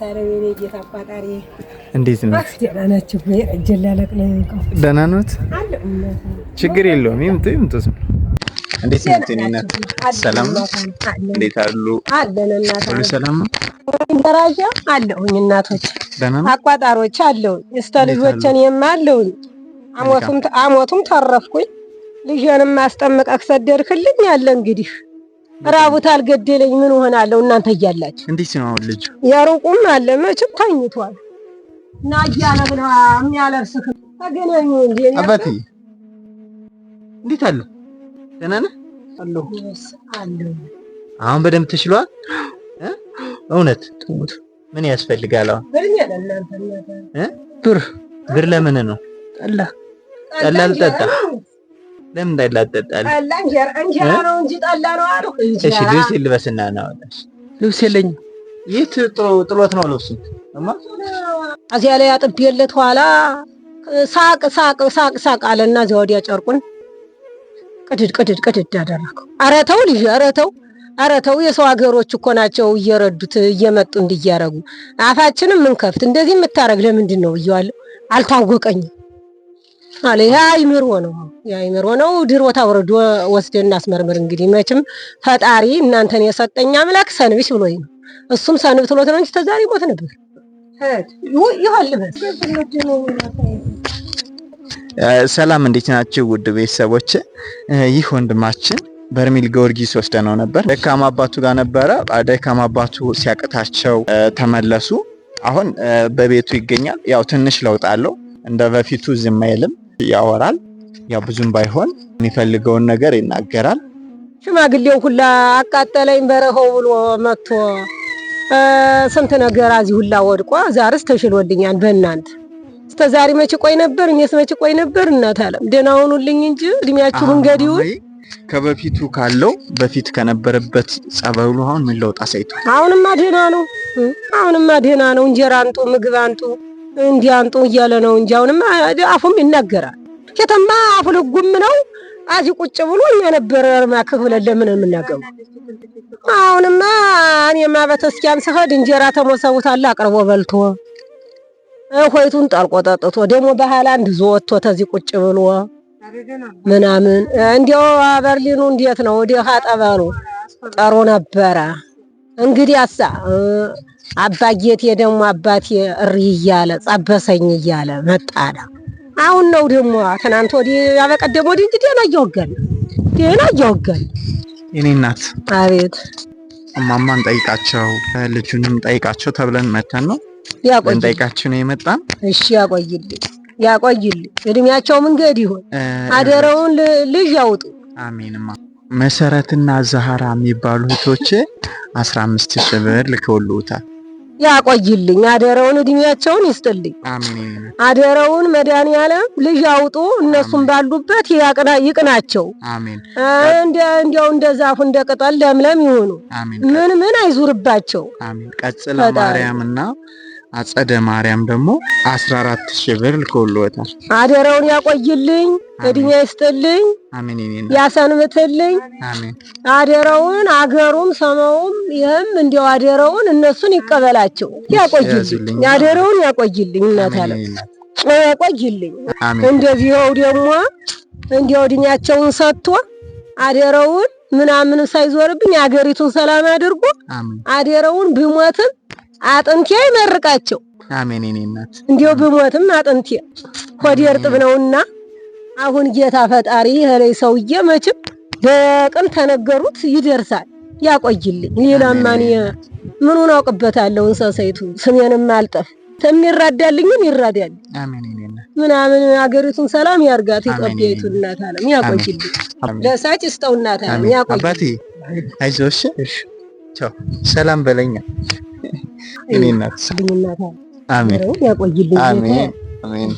ታረቤኔ ጌታ አቋጣሪ እንዴት ነው? ደህና ናችሁ? እጀላለቅ ነው ደህና ችግር የለውም። ይምጡ ይምጡ። እንዴት ነው ጤንነት? ሰላም እንዴት አሉ? ሁሉ ሰላም ነው? ደራጃ አለሁኝ። እናቶች አቋጣሮች አለሁኝ። እስተ ልጆችን የማለሁኝ አሞቱም ተረፍኩኝ። ልጅንም እንግዲህ ራቡት አልገደለኝ ምን ሆናለሁ? እናንተ እያላችሁ እንዴት ነው አሁን? ልጅ ያሩቁም አለ መቼም ተኝቷል። እና እያለ ብላ የሚያለርስክ ተገናኙ እንጂ አባቴ፣ እንዴት አለ? ደህና ነህ? አለሁ አለሁ። አሁን በደንብ ተሽሏል። እውነት ትሙት ምን ያስፈልጋል አሁን? ብር ብር ለምን ነው? ጠላ ጠላ ልጠጣ ለምን እንዳይላጠጣል እንጀራ ነው እንጂ ጠላ ነው አሉ። እሺ ልብስ ልበስና እናወጣሽ። ልብስ የለኝም። የት ጥሎት ነው ልብሱ? እማ እዚያ ላይ አጥቤለት ኋላ ሳቅ ሳቅ ሳቅ ሳቅ አለና እዚያ ወዲያ ጨርቁን ቅድድ ቅድድ ቅድድ አደረገው። ኧረ ልጅ፣ ኧረ ተው፣ የሰው ሀገሮች እኮ ናቸው እየረዱት እየመጡ እንዲያረጉ አፋችንም እንከፍት እንደዚህ የምታረግ ለምንድን ነው ብየዋለሁ። አልታወቀኝም አለ ያ አይምሮ ነው ያ አይምሮ ነው። ድሮ ታወርዶ ወስደን እናስመርምር። እንግዲህ መቼም ፈጣሪ እናንተን የሰጠኝ አምላክ ሰንብሽ ብሎ ነው። እሱም ሰንብት ብሎት ነው እንጂ ተዛሬ ሞት ነበር። ሰላም እንዴት ናችሁ ውድ ቤተሰቦች? ይህ ወንድማችን በርሜል ጊዮርጊስ ነው ነበር። ደካማ አባቱ ጋር ነበረ። ደካማ አባቱ ሲያቅታቸው ተመለሱ። አሁን በቤቱ ይገኛል። ያው ትንሽ ለውጥ አለው። እንደ በፊቱ ዝም አይልም። ያወራል። ያው ብዙም ባይሆን የሚፈልገውን ነገር ይናገራል። ሽማግሌው ሁላ አቃጠለኝ በረኸው ብሎ መጥቶ ስንት ነገር አዚ ሁላ ወድቆ ዛርስ ተሽሎልኛል። በእናንተ እስከ ዛሬ መቼ ቆይ ነበር? እኔስ መቼ ቆይ ነበር? እናት አለም ደህና ሁኑልኝ እንጂ እድሜያችሁን ገዲውን ከበፊቱ ካለው በፊት ከነበረበት ጸበሉ አሁን ምን ለውጥ አሳይቷል? አሁንማ ደህና ነው። አሁንማ ደህና ነው። እንጀራ አንጡ፣ ምግብ አንጡ እንዲያንጡ እያለ ነው እንጂ አሁንም አፉም ይናገራል። ሴተማ አፉ ልጉም ነው። አዚ ቁጭ ብሎ እኛ ነበር ማክህ ብለን ለምን የምናገሩ አሁንማ እኔማ በተስኪያን ስኸድ እንጀራ ተሞሰቡታል አቅርቦ በልቶ ሆይቱን ጠልቆ ጠጥቶ ደግሞ በሃላንድ ዞ ወጥቶ ተዚህ ቁጭ ብሎ ምናምን እንዲያው በርሊኑ እንዴት ነው ወደ ጠበሉ ጠሩ ነበረ እንግዲህ አሳ አባጌቴ ደግሞ አባቴ እሪ እያለ ጸበሰኝ እያለ መጣዳ። አሁን ነው ደግሞ ትናንት ወዲህ ያበቀደም ወዲህ እንጂ ደህና እያወገን ደህና እያወገን። የኔ እናት አቤት፣ እማማን ጠይቃቸው ልጁንም ጠይቃቸው ተብለን መተን ነው ልንጠይቃችሁ ነው የመጣን። እሺ ያቆይልኝ፣ ያቆይልኝ፣ እድሜያቸው መንገድ ይሁን፣ አደረውን ልጅ ያውጡ። አሜንማ መሰረትና ዛሃራ የሚባሉ እህቶቼ አስራ አምስት ሺህ ብር ልከውልዎታል። ያቆይልኝ አደረውን እድሜያቸውን ይስጥልኝ። አደረውን መድኃኒዓለም ልጅ አውጡ እነሱም ባሉበት ይቅናቸው። እንዲያው እንደ ዛፉ እንደ ቅጠል ለምለም ይሆኑ። ምን ምን አይዙርባቸው። ቀጽለ ማርያምና አጸደ ማርያም ደግሞ 14 ሺህ ብር ልኮልዎታል። አደራውን ያቆይልኝ፣ እድሜ ይስጥልኝ፣ ያሰንብትልኝ። አደራውን አገሩም ሰማውም ይህም እንዲያው አደራውን እነሱን ይቀበላቸው፣ ያቆይልኝ፣ አደራውን ያቆይልኝ። እናታለ ያቆይልኝ። እንደዚህ ይኸው ደግሞ እንዲያው እድሜያቸውን ሰጥቶ አደራውን ምናምንም ሳይዞርብኝ አገሪቱን ሰላም አድርጎ አደራውን ብሞትም አጥንቴ ይመርቃቸው። አሜን። እኔ እናት እንዲው ብሞትም አጥንቴ ሆዴ እርጥብ ነውና አሁን ጌታ ፈጣሪ ላይ ሰውዬ መቼም በቅል ተነገሩት ይደርሳል። ያቆይልኝ። ሌላማ እኔ ምኑን አውቅበታለሁ? እንሰሳይቱ ስሜንም አልጠፍ የሚራዳልኝም ይራዳል። አሜን። ምናምን አገሪቱን ሰላም ያርጋት። ኢትዮጵያዊቱ እናት አለም ያቆይልኝ። ለሳጭ ይስጠው እናት ዓለም ያቆይልኝ። አባቴ አይዞሽ፣ ሰላም በለኛ እኔ እናት ያቆይልኝ።